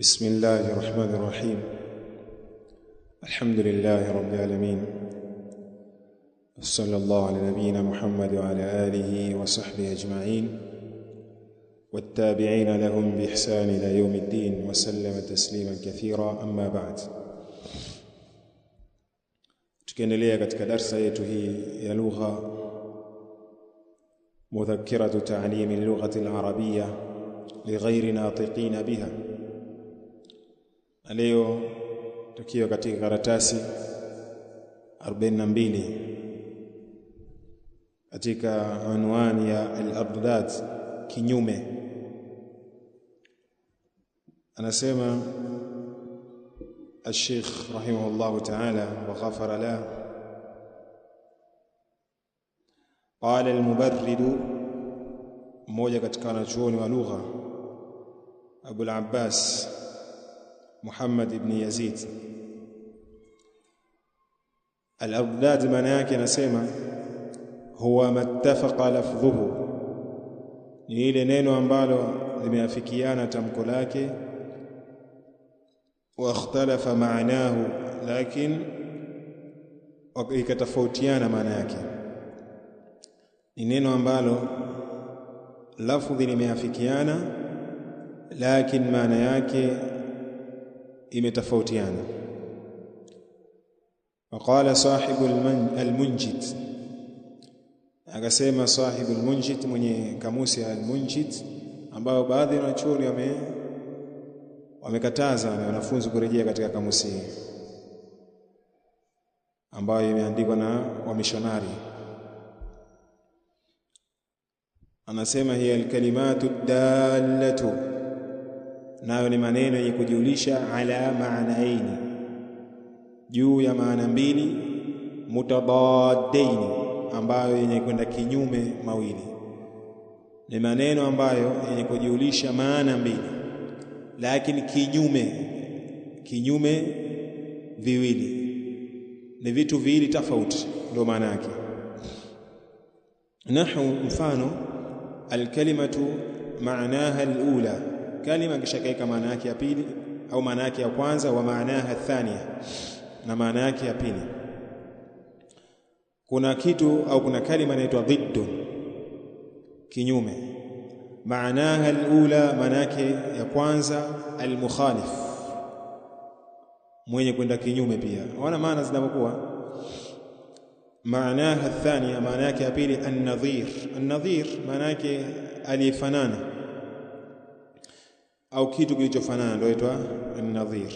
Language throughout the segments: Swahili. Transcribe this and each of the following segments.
بسم الله الرحمن الرحيم الحمد لله رب العالمين صلى الله على نبينا محمد وعلى آله وصحبه أجمعين والتابعين لهم بإحسان إلى يوم الدين وسلم تسليما كثيرا أما بعد tukiendelea katika darsa yetu hii ya lugha mudhakiratu ta'limi lughati al-arabiyya lighairi natiqina biha leo tukio katika karatasi 42 katika anwani ya al abdad kinyume anasema الشيخ رحمه الله تعالى وغفر له قال المبرد mmoja katika wanachuoni wa lugha Abu al-Abbas Muhammad ibn Yazid al-Abdad, maana yake anasema huwa mattafaqa lafdhuhu, ni ile neno ambalo limeafikiana tamko lake. Wa ikhtalafa maanahu, lakin ikatofautiana maana yake. Ni neno ambalo lafdhi limeafikiana, lakin maana yake imetofautiana waqala sahibu almunjid akasema sahibu almunjid mwenye kamusi ya almunjid ambao baadhi ya wanachuoni wame wamekataza wanafunzi kurejea katika kamusi ambayo imeandikwa na wamishonari anasema hiya alkalimatu dallatu nayo ni maneno yenye kujulisha ala maanaini, juu ya maana mbili, mutadaddaini, ambayo yenye kwenda kinyume mawili. Ni maneno ambayo yenye kujulisha maana mbili, lakini kinyume kinyume viwili, ni vitu viwili tofauti, ndio maana yake. Nahu, mfano alkalimatu maanaha alula kalima, kisha kaika maana yake ya pili au maana yake ya kwanza, wa maanaha thania, na maana yake ya pili. Kuna kitu au kuna kalima inaitwa dhiddu, kinyume. Maanaha alula, maana yake ya kwanza, almukhalif, mwenye kwenda kinyume. Pia wana maana zinapokuwa maanaha thania, maana yake ya pili, annadhir. Annadhir maana yake aliyefanana au kitu kilichofanana ndio inaitwa an-nadhir.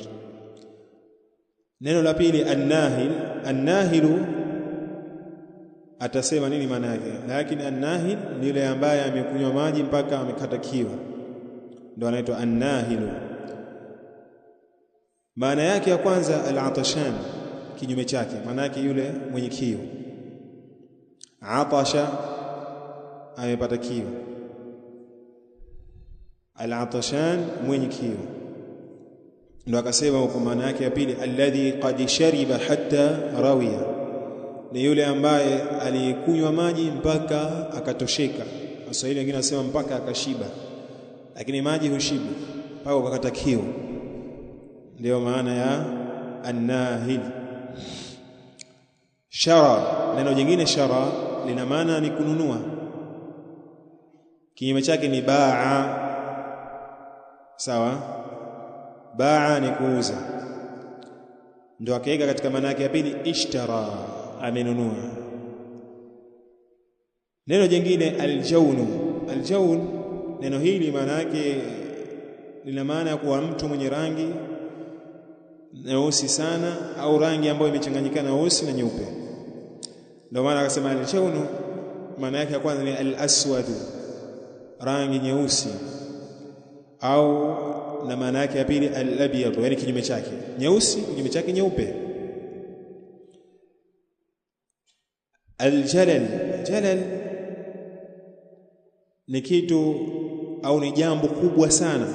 Neno la pili an-nahil, an-nahilu atasema nini maana yake? Lakini an-nahil ni yule ambaye amekunywa maji mpaka amekata kiu, ndio anaitwa an-nahilu. Maana yake ya kwanza al-atashan, kinyume chake, maana yake yule mwenye kiu. Atasha amepata kiu al-atashan mwenye kiu ndo akasema kwa maana yake ya pili alladhi qad shariba hatta rawiya ni yule ambaye alikunywa maji mpaka akatosheka waswahili wengine wanasema mpaka akashiba lakini maji hushiba mpaka ukakata kiu ndio maana ya annahil shara neno jingine shara lina maana ni kununua kinyume chake ni baa sawa. Baa ni kuuza, ndio akaiga katika maana yake ya pili, ishtara, amenunua. Neno jingine aljaunu, aljaun, neno hili maana yake lina maana ya kuwa mtu mwenye rangi nyeusi sana au rangi ambayo imechanganyikana nyeusi na nyeupe. Ndio maana akasema aljaunu, maana yake ya kwanza ni alaswadu, rangi nyeusi au na maana yake ya pili al-abyad yani kinyume chake nyeusi, kinyume chake nyeupe. al jalal ni kitu au ni jambo kubwa sana.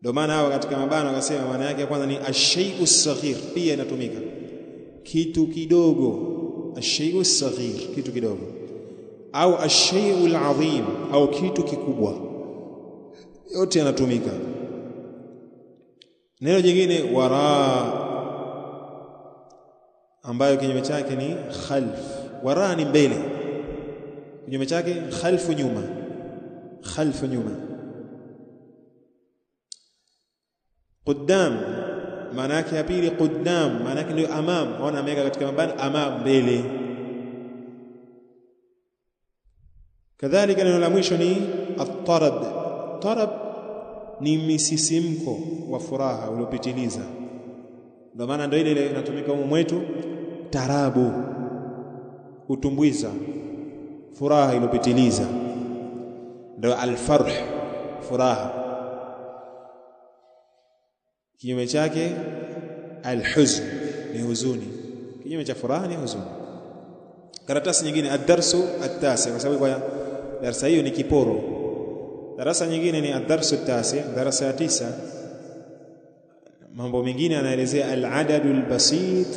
Ndio maana hawa katika mabano wakasema maana yake ya kwanza ni ashayu saghir, pia inatumika kitu kidogo. Ashayu saghir, kitu kidogo, au ashayu al-azim au kitu kikubwa yote yanatumika. Neno jingine wara, ambayo kinyume chake ni khalf. Wara ni mbele, kinyume chake khalfu, nyuma. Khalfu, nyuma. Qudam maana yake ya pili, qudam maana yake ndio amam. Ona ameweka katika mabana amam, mbele. Kadhalika neno la mwisho ni atarad tarab ni misisimko wa furaha uliopitiliza. Ndio maana ndio ile ile inatumika humu mwetu, tarabu kutumbuiza furaha iliyopitiliza, ndio alfarh, furaha. Kinyume chake alhuzn ni huzuni, kinyume cha furaha ni huzuni. Karatasi nyingine, ad-darsu at-tasi, kwa sababu kwa darasa hiyo ni kiporo Darasa nyingine ni ad-darsu tasi, darasa ya tisa. Mambo mengine anaelezea al-adadul basit,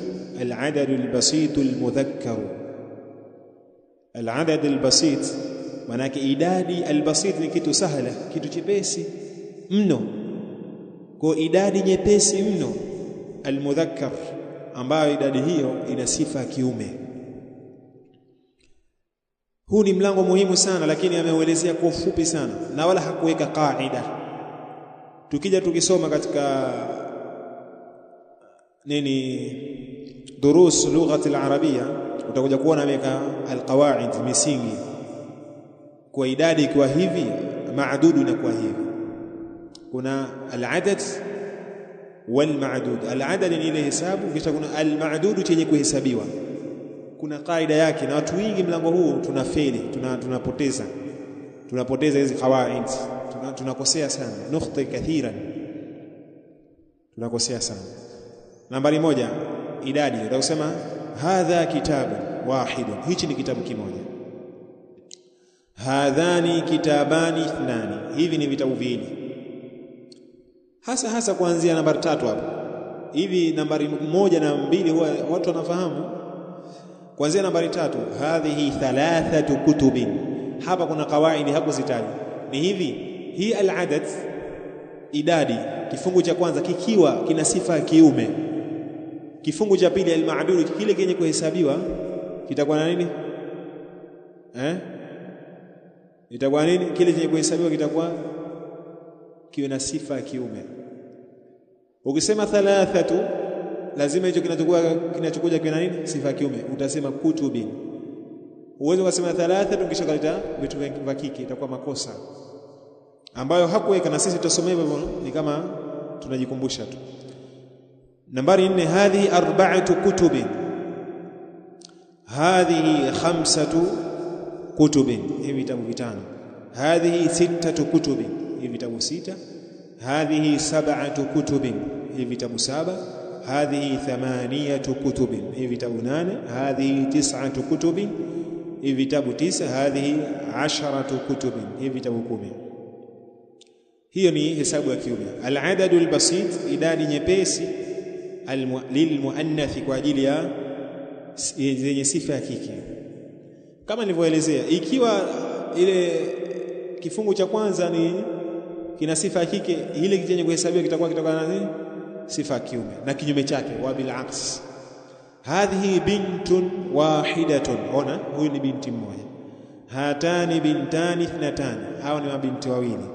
al-adadul basitul mudhakkar. Al-adadul basit manake idadi albasit ni kitu sahala kitu chepesi mno kwa idadi nyepesi mno almudhakkar ambayo idadi hiyo ina sifa ya kiume Huu ni mlango muhimu sana, lakini ameuelezea kwa ufupi sana na wala hakuweka kaida. Tukija tukisoma katika uh, nini durus lughati al-arabia, utakuja kuona ameweka alqawaid, misingi kwa idadi ikiwa hivi, maadudu inakuwa hivi. Kuna aladad walmadud. Aladad ni ile hesabu, kisha kuna almadudu chenye kuhesabiwa kuna kaida yake, na watu wengi mlango huu tunafeli, tunapoteza, tuna tunapoteza hizi kawaid, tunakosea tuna sana, nukta kathiran, tunakosea sana. Nambari moja, idadi. Utakusema hadha kitabu wahidun, hichi ni kitabu kimoja. Hadhani kitabani ithnani, hivi ni vitabu viwili hasa hasa kuanzia nambari tatu hapo hivi. Nambari moja na mbili huwa watu wanafahamu kwanzia nambari tatu, hadhihi thalathatu kutubin. Hapa kuna kawaidi hakuzitaja, ni hivi hii aladad, idadi. Kifungu cha kwanza kikiwa kina sifa ya kiume, kifungu cha pili almadudu, kile kenye kuhesabiwa kitakuwa na nini eh? itakuwa nini? Kile chenye kuhesabiwa kitakuwa kiwe na sifa ya kiume. Ukisema thalathatu lazima hicho kinachokuja kinachokuja kina nini? Sifa ya kiume, utasema kutubin. Uwezo ukasema thalatha kisha kaleta vitu vya kike, itakuwa makosa ambayo hakuweka, na sisi tutasomea hivyo, ni kama tunajikumbusha tu. Nambari nne, hadhihi arba'atu kutubin, hadhihi khamsatu kutubin, hivi vitabu vitano. Hadhihi sittatu kutubin, hivi vitabu sita. Hadhihi sab'atu kutubin, hivi vitabu saba hadhihi thamaniyatu kutubin, hivi vitabu nane. Hadhihi tis'atu kutubin, hivi vitabu tisa. Hadhihi asharatu kutubin, hivi vitabu kumi. Hiyo ni hesabu ya kiume. Al-adadu al-basit, idadi nyepesi. Lilmuannathi, kwa ajili ya zenye sifa ya kike. Kama nilivyoelezea, ikiwa ile kifungu cha kwanza ni kina sifa ya kike, ile kitenye kuhesabiwa kitakuwa kitokana na nini? sifa kiume, na kinyume chake wa bil aks, hadhihi bintun wahidatun. Ona, huyu ni binti mmoja. Hatani bintani ithnatani, hawa ni mabinti wawili.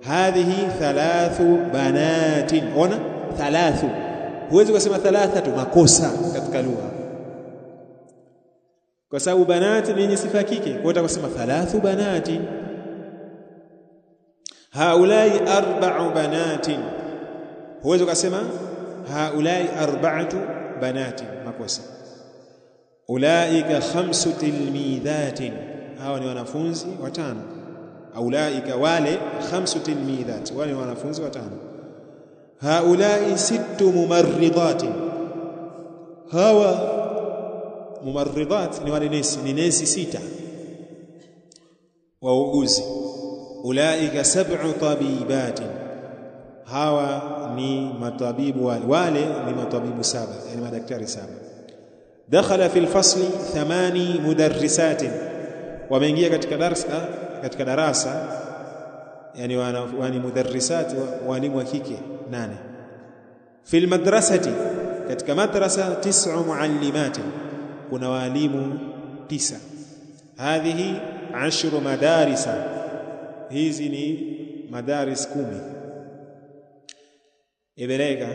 Hadhihi thalathu banatin. Ona, thalathu, huwezi kusema thalatha tu, makosa katika lugha kwa sababu banati ni yenye sifa kike, kwa hiyo utakusema thalathu banati, haulai arba'u banatin huwezi ukasema haulai arba'atu banati makosa ulaika khamsu tilmidhatin hawa ni wanafunzi watano aulaika wale khamsu tilmidhat wale wanafunzi watano haulai sittu mumarridatin hawa mumarridat ni wale nesi ni nesi sita wauguzi ulaika sab'u tabibatin hawa ni matabibu wale wale ni matabibu saba yani madaktari saba dakhala fil fasli thamani mudarrisat wameingia katika darasa katika darasa yani wani mudarrisat walimu wa kike nane fil madrasati katika madrasa tis'u muallimat kuna walimu tisa hadhihi ashru madarisa hizi ni madaris kumi ibereka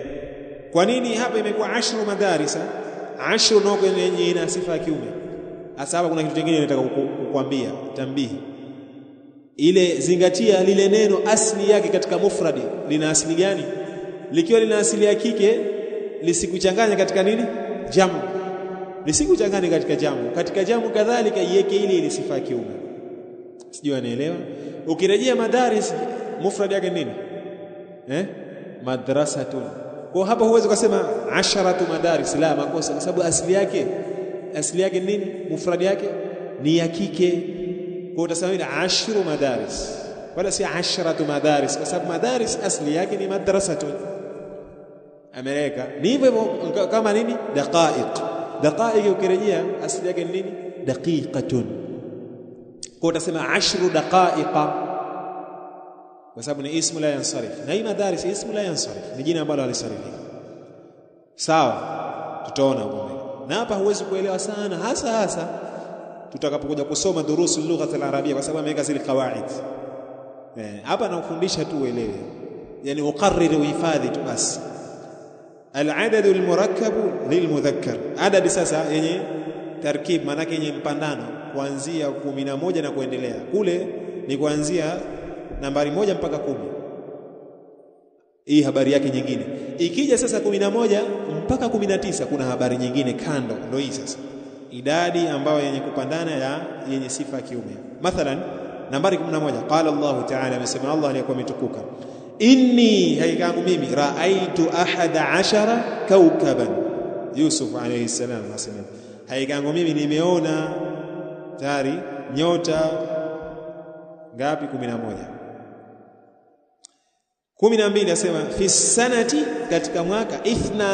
Kwa nini hapa imekuwa ashru madarisa? Ashru noko yenye ina sifa ya kiume hasa. Hapa kuna kitu kingine nataka kukwambia, tambii ile, zingatia lile neno asili yake katika mufradi lina asili gani? Likiwa lina asili ya kike lisikuchanganya katika nini, jamu, lisikuchanganya katika jamu, katika jamu kadhalika iweke ile ile sifa ya kiume. Sijui anaelewa. Ukirejea madaris mufradi yake nini eh? madrasatun. Kwa hapo huwezi kusema asharatu madaris, la makosa, kwa sababu asili yake asili yake nini? Mufradi yake ni ya kike, kwa utasema ni ashru madaris wala si asharatu madaris, kwa sababu madaris asili yake ni madrasatun. amerika ni hivyo hivyo kama nini, daqaiq. Daqaiq ukirejea asili yake ni nini? Daqiqatun, kwa utasema ashru daqaiqa kwa sababu ni ismu la yansarif, na hii madaris ismu la yansarif ni jina ambalo halisarifiki. Sawa, tutaona huko na hapa huwezi kuelewa sana, hasa hasa tutakapokuja kusoma durusu lugha ya arabia kwa sababu ameweka zile kawaid eh, hapa. E, tu uelewe, yani ukariri, uhifadhi tu basi. al adad al murakkab lil-mudhakkar adad sasa yenye tarkib, maana yake yenye mpandano kuanzia 11 na kuendelea, kule ni kuanzia nambari moja mpaka kumi. Hii habari yake nyingine. Ikija sasa kumi na moja mpaka kumi na tisa kuna habari nyingine kando, ndio hii sasa, idadi ambayo yenye kupandana ya yenye sifa ya kiume. Mathalan, nambari moja qala Allahu ta'ala, amesema Allah aliyekuwa ametukuka, inni haikangu mimi raaitu ahada ashara kaukaban. Yusuf alayhi salam anasema haikangu mimi nimeona tayari nyota ngapi? 11 kumi na mbili asema fi sanati, katika mwaka ithna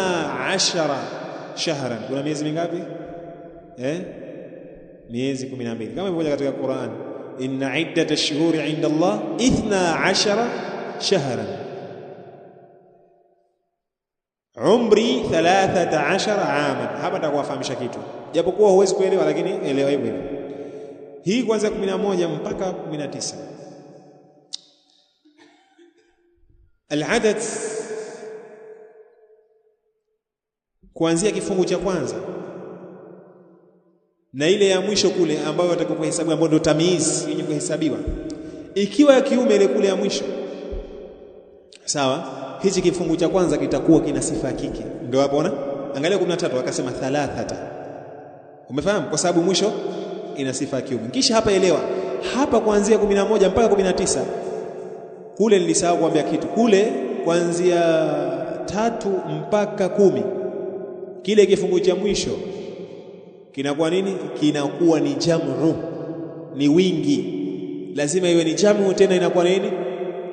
ashara shahran, kuna miezi mingapi eh? miezi kumi na mbili kama ilivyoja katika Qur'an, inna iddata ash-shuhuri inda Allah ithna ashara shahran umri 13 aman Hapa nitakuwafahamisha kitu, japokuwa huwezi kuelewa, lakini elewa hivyo hii kuanzia 11 mpaka 19. Al-adad kuanzia kifungu cha kwanza na ile ya mwisho kule ambayo watakapohesabiwa, ambayo ndio tamiz yenye kuhesabiwa, ikiwa ya kiume ile kule ya mwisho sawa, hichi kifungu cha kwanza kitakuwa kina sifa ya kike. Ndio hapo ona, angalia 13 akasema thalathata, umefahamu? Kwa sababu mwisho ina sifa ya kiume. Kisha hapa elewa, hapa kuanzia 11 mpaka kule nilisahau kuambia kitu kule, kuanzia tatu mpaka kumi, kile kifungu cha mwisho kinakuwa nini? Kinakuwa ni jamu, ni wingi. Lazima iwe ni jamu, tena inakuwa nini?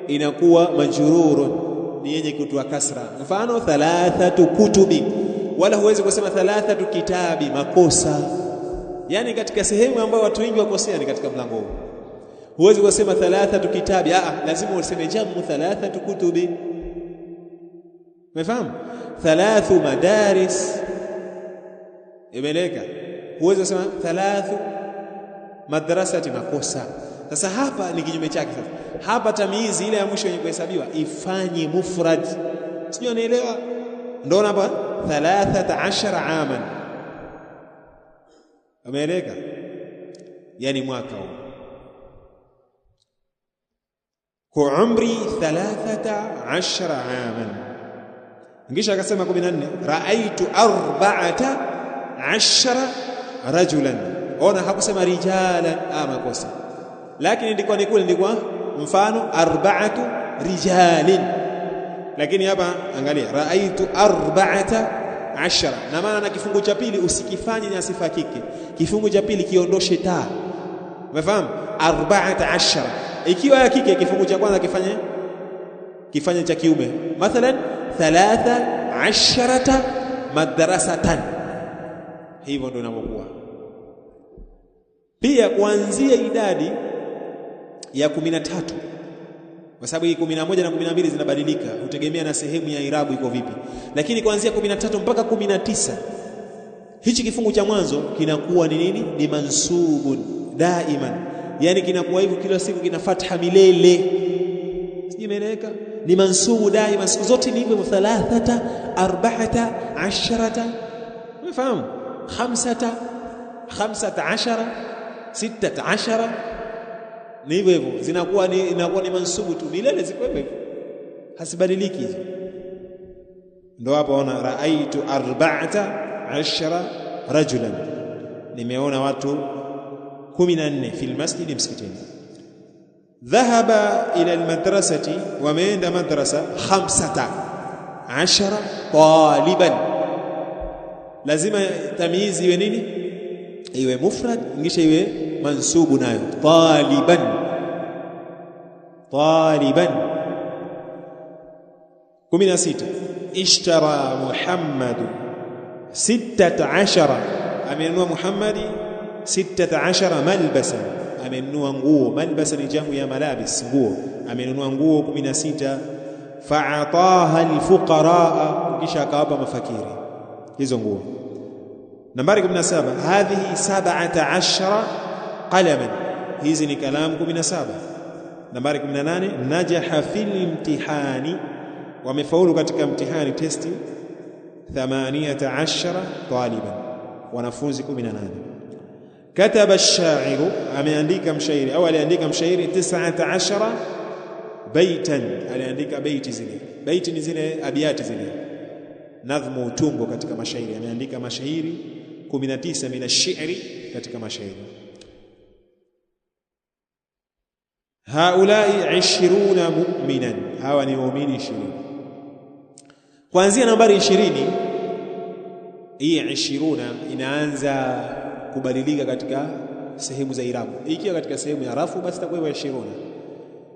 Inakuwa majururu ni yenye kutua kasra. Mfano thalathatu kutubi, wala huwezi kusema thalathatu kitabi, makosa. Yani katika sehemu ambayo watu wengi wakosea ni katika mlango huu huwezi kusema thalathatu kitabi ah, lazima useme jamu thalathatu kutubi. Umefahamu? Thalathu madaris, imeleka. Huwezi kusema thalathu madrasati, makosa. Sasa hapa ni kinyume chake. Sasa hapa tamizi ile ya mwisho yenye kuhesabiwa ifanye mufrad, sio anaelewa? Ndio hapa eh? thalathata ashara aman, umeeleka, yani mwaka huu kwa umri 13 ama aman. akasema 14 raaitu 14 rajulan. Ona, hakusema rijalan, makosa. Lakini ni kule ndiko mfano 4 rijalin, lakini hapa angalia, raaitu 14 ashara, na maana na kifungu cha pili usikifanye na sifa kike, kifungu cha pili kiondoshe taa. Umefahamu? ikiwa ya kike kifungu cha kwanza kifanye kifanye cha kiume, mathalan thalatha asharata madrasatan, hivyo ndio inavyokuwa. Pia kuanzia idadi ya kumi na tatu kwa sababu hii 11 na 12 na zinabadilika, hutegemea na sehemu ya irabu iko vipi, lakini kuanzia 13 tatu mpaka kumi na tisa hichi kifungu cha mwanzo kinakuwa ni nini? Ni mansubun daiman yani kinakuwa hivyo kila siku kina fatha milele, sijui Ni mansubu daima, siku zote ni hivyo, thalathata arba'ata asharata, umefahamu? Khamsata khamsata ashara sittata ashara, ni hivyo hivyo, zinakuwa ni inakuwa ni mansubu tu milele, ziko hivyo hasibadiliki hizo. Ndo hapo ona raaitu arba'ata ashara rajulan, nimeona watu 14 في المسجد مسكتين ذهب إلى المدرسة ومن المدرسة خمسة عشر طالبا لازم تميز ونيني ايوه مفرد نجيش ايوه منسوب نايو طالبا طالبا كمنا ستة اشترى محمد ستة عشر أمين محمد sittata ashara amenunua nguo. Malbasa ni jamu ya malabis, nguo. Amenunua nguo kumi na sita. Faataha alfuqaraa, kisha akawapa mafakiri hizo nguo. Nambari 17, hadhihi sab'ata ashara qalaman, hizi ni kalamu 17. Nambari 18, najaha fil imtihani, wamefaulu katika mtihani testi 18 taliban, wanafunzi 18 kataba ash ameandika mshairi au aliandika mshairi, tis'ata ashara baitan, aliandika beiti zile. Baiti ni zile abiyati zile, nadhmu utungo katika mashairi. Ameandika mashairi 19 min ash katika mashairi haulai ishiruna mu'minan, hawa ni waumini ishirini. Kuanzia nambari ishirini, hii ishiruna inaanza kubadilika katika sehemu za irabu. Ikiwa katika sehemu ya rafu, basi itakuwa wa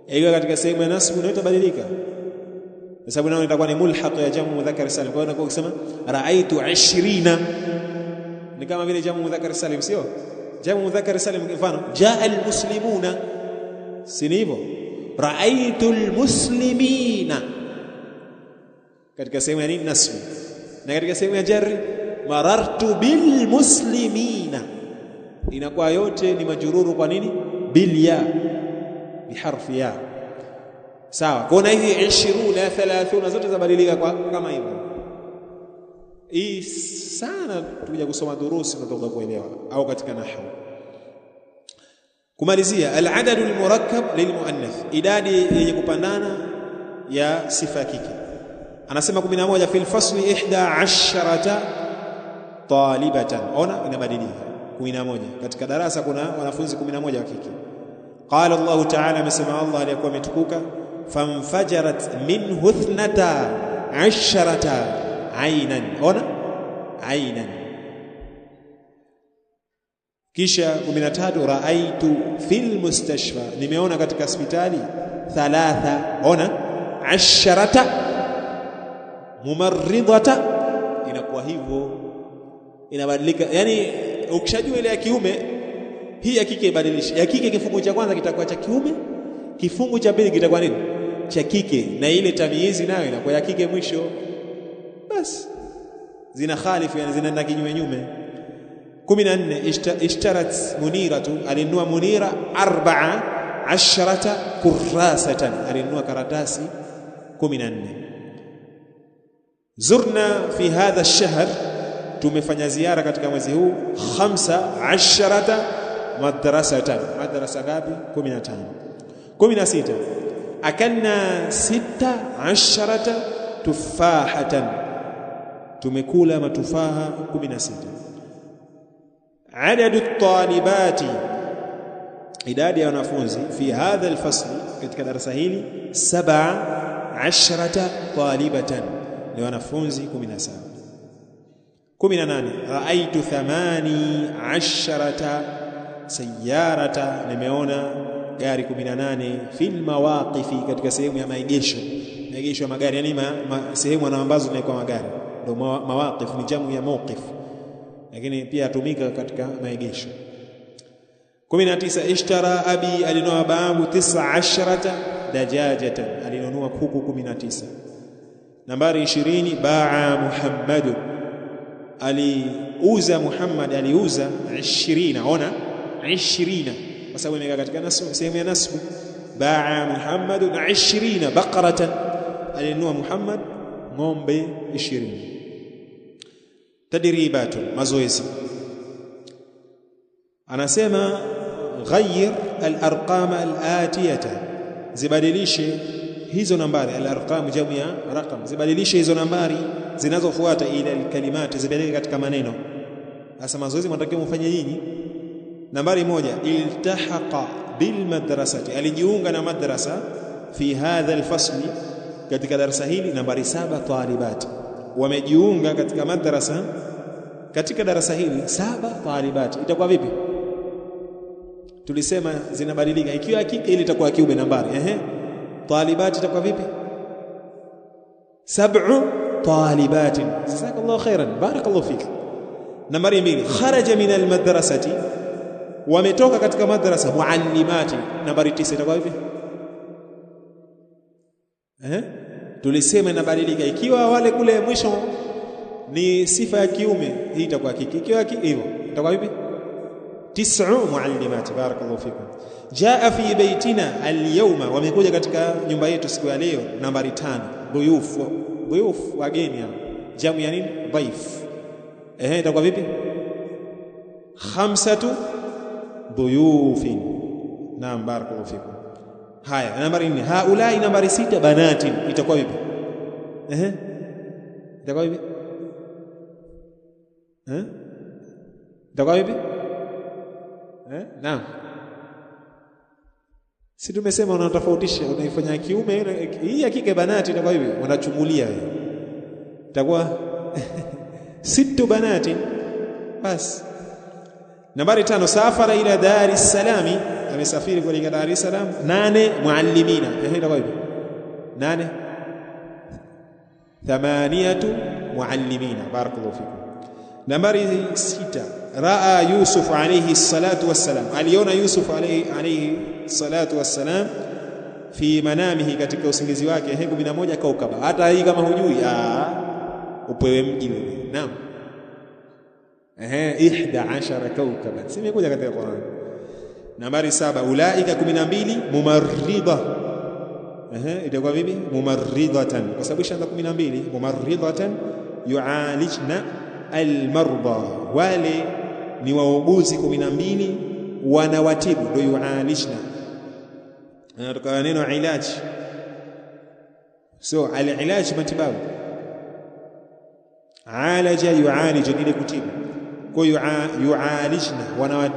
Ikiwa katika sehemu ya nasbu, ndio itabadilika kwa sababu nayo itakuwa ni mulhaq ya jamu mudhakkar salim. Kwa hiyo ukisema raaitu 20 ni kama vile jamu mudhakkar salim, sio jamu mudhakkar salim. Mfano, jaa almuslimuna, si hivyo? Raaitu almuslimina katika sehemu ya nini? Nasbu. Na katika sehemu ya jarri marartu bil muslimina, inakuwa yote ni majururu. Kwa nini? Bil ya biharfi ya sawa. Kuna hivi 20 30 zote zabadilika kwa kama hivyo. Hii sana tukuja kusoma durusi tunatoka kuelewa au katika nahwu. Kumalizia, aladadu lil-muannath idadi yenye kupandana ya sifa ya kike. Anasema 11 fil fasli 11 talibatan, ona inabadilika 11. Katika darasa kuna wanafunzi 11 wa kike. Qala Allah ta'ala, amesema Allah aliyekuwa ametukuka, famfajarat minhu ithnata asharata ainan, ona ainan. Kisha 13, raaitu fil mustashfa, nimeona katika hospitali thalatha, ona asharata mumarridata, inakuwa hivyo inabadilika. yani ukishajua ile ya kiume, hii ya kike ibadilishe. Ya kike kifungu cha kwanza kitakuwa cha kiume, kifungu cha pili kitakuwa nini? Cha kike, na ile tamyizi nayo inakuwa ya kike mwisho. Basi zina khalifu, yani zinaenda kinyume nyume. 14 na nne. Ishtarat muniratu, alinunua Munira arbaa asharata kurasatan, alinua karatasi 14 Zurna fi hadha ash-shahr tumefanya ziara katika mwezi huu khamsa asharata tano madrasa ngapi? 15. 16 akanna sita asharata tufahatan, tumekula matufaha 16. Adadu talibati, idadi ya wanafunzi fi hadha alfasli, katika darasa hili sab'a asharata talibatan, ni wanafunzi 17. 18 raaitu thamani asharata sayarata, nimeona gari 18 fil mawaqifi, katika sehemu ya maegesho, maegesho ya magari, yani ma, ma, sehemu ambazo zinaekwa magari ndio mawaqif, ni jamu ya mawqif, lakini pia atumika katika maegesho. 19 ishtara abi, alinunua babangu 19 dajajatan, alinunua kuku 19. Nambari 20 baa Muhammadun aliuza Muhammad aliuza 20 ona 20 kwa sababu imekaa katika nasbu sehemu ya nasbu baa Muhammad 20 baqaratan alinua Muhammad ngombe 20 tadribatu mazoezi anasema ghayyir al-arqama al-atiyata zibadilishe hizo nambari al al-arqam jamu ya raqam, zibadilishe hizo nambari zinazofuata ila alkalimati, zibadilike katika maneno. Sasa mazoezi mnatakiwa mfanye nini? Nambari moja, iltahaqa bilmadrasati, alijiunga na madrasa. Fi hadha al katika darasa hili. Nambari saba, talibat, wamejiunga katika madrasa katika darasa hili saba talibat. Itakuwa vipi? Tulisema zinabadilika, ikiwa kike ile itakuwa kiume nambari, ehe talibati itakuwa vipi? sab'u talibatin. Jazakallahu khairan, barakallahu fik. Nambari mbili, kharaja min almadrasati, wametoka katika madrasa muallimati. Nambari tisa itakuwa vipi? Eh, tulisema inabadilika. Ikiwa wale kule mwisho ni sifa ya kiume, hii itakuwa kiki Ikiwa hivyo itakuwa vipi? tis'u muallimat, barakallahu fikum. Jaa fi baitina alyawma, wamekuja katika nyumba yetu siku ya leo. Nambari 5 dhuyuf. Dhuyuf, wageni hao, jamu ya nini? Dhaif. Ehe, itakuwa vipi? Khamsatu dhuyufin. Naam, barakallahu fikum. Haya, nambari nne, haulai. Nambari sita, banatin, itakuwa vipi? Ehe, itakuwa vipi? eh itakuwa vipi? eh? Naam. Si tumesema unatofautisha, unaifanya kiume hii ya kike banati itakuwa hivi, unachumulia wewe. Itakuwa sittu banati bas. Nambari tano, safara ila Dar es Salaam, amesafiri kuelekea Dar es Salaam. Nane, muallimina Eh, itakuwa hivi nane thamaniatu muallimina, barakallahu fikum. Nambari sita raa Yusuf alayhi salatu wassalam, aliona Yusuf alayhi alayhi salatu wassalam fi manamihi, katika usingizi wake, hebu kumi na moja kaukaba. Hata hii kama hujui upewe mji wewe. Naam, ehe, ihda ashara kaukaban, si imekuja katika Qur'an nambari 7 Ulaika 12 na mumarridha ehe, itakuwa vipi? mumarridatan kwa sababu ishaanza 12 mumarridatan yualijna almarda wale ni wauguzi kumi na mbili wanawatibu, ndio yualishna, anatoka neno ilaji. So alilaj matibabu, alaja yualij, ile kutibu. Kwa hiyo yualijna,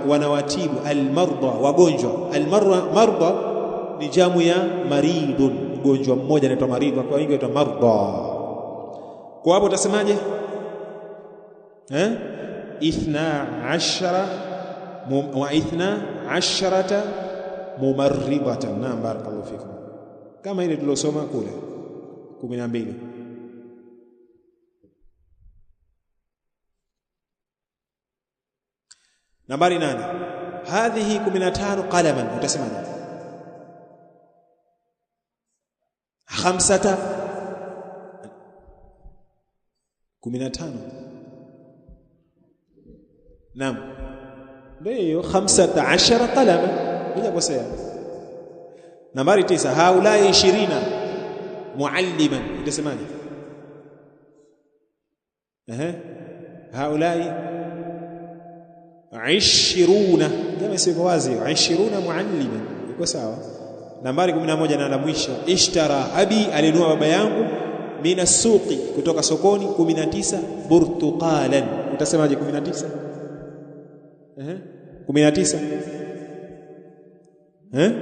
wanawatibu almardha, wagonjwa. Almardha ni jamu ya maridun, mgonjwa mmoja anaitwa maridha, kwa hiyo anaitwa marda Kwa hapo utasemaje eh? ithna ashara wa ithna asharata mumarridatan. Naam, barakallahu fikum, kama ile tulosoma kule kumi Nambari nane, hadhihi kumi Qalaman utasema nini? Khamsata kumi Naam, ndio 15 qalama, bila kosea. Nambari 9 haulai 20 mualliman, itasemaje? Ehe, Haulai 20 kama isivyo wazi, 20 mualliman iko sawa. Nambari 11 na la mwisho, ishtara abi, alinua baba yangu mina suqi, kutoka sokoni. 19 burtuqalan, utasemaje 19? eh 19 eh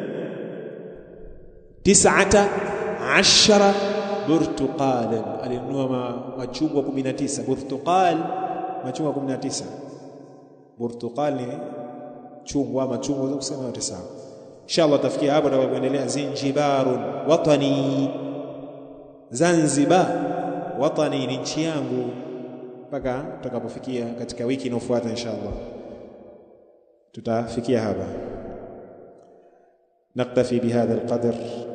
tis'ata ashara burtuqalan alinunua machungwa 19 burtuqal machungwa 19 burtuqali chungwa machungwa za kusema yote sawa inshallah tafikia hapo na kuendelea zinjibarun watani Zanzibar watani ni nchi yangu mpaka tutakapofikia katika wiki inayofuata inshallah يا هابا نقتفي بهذا القدر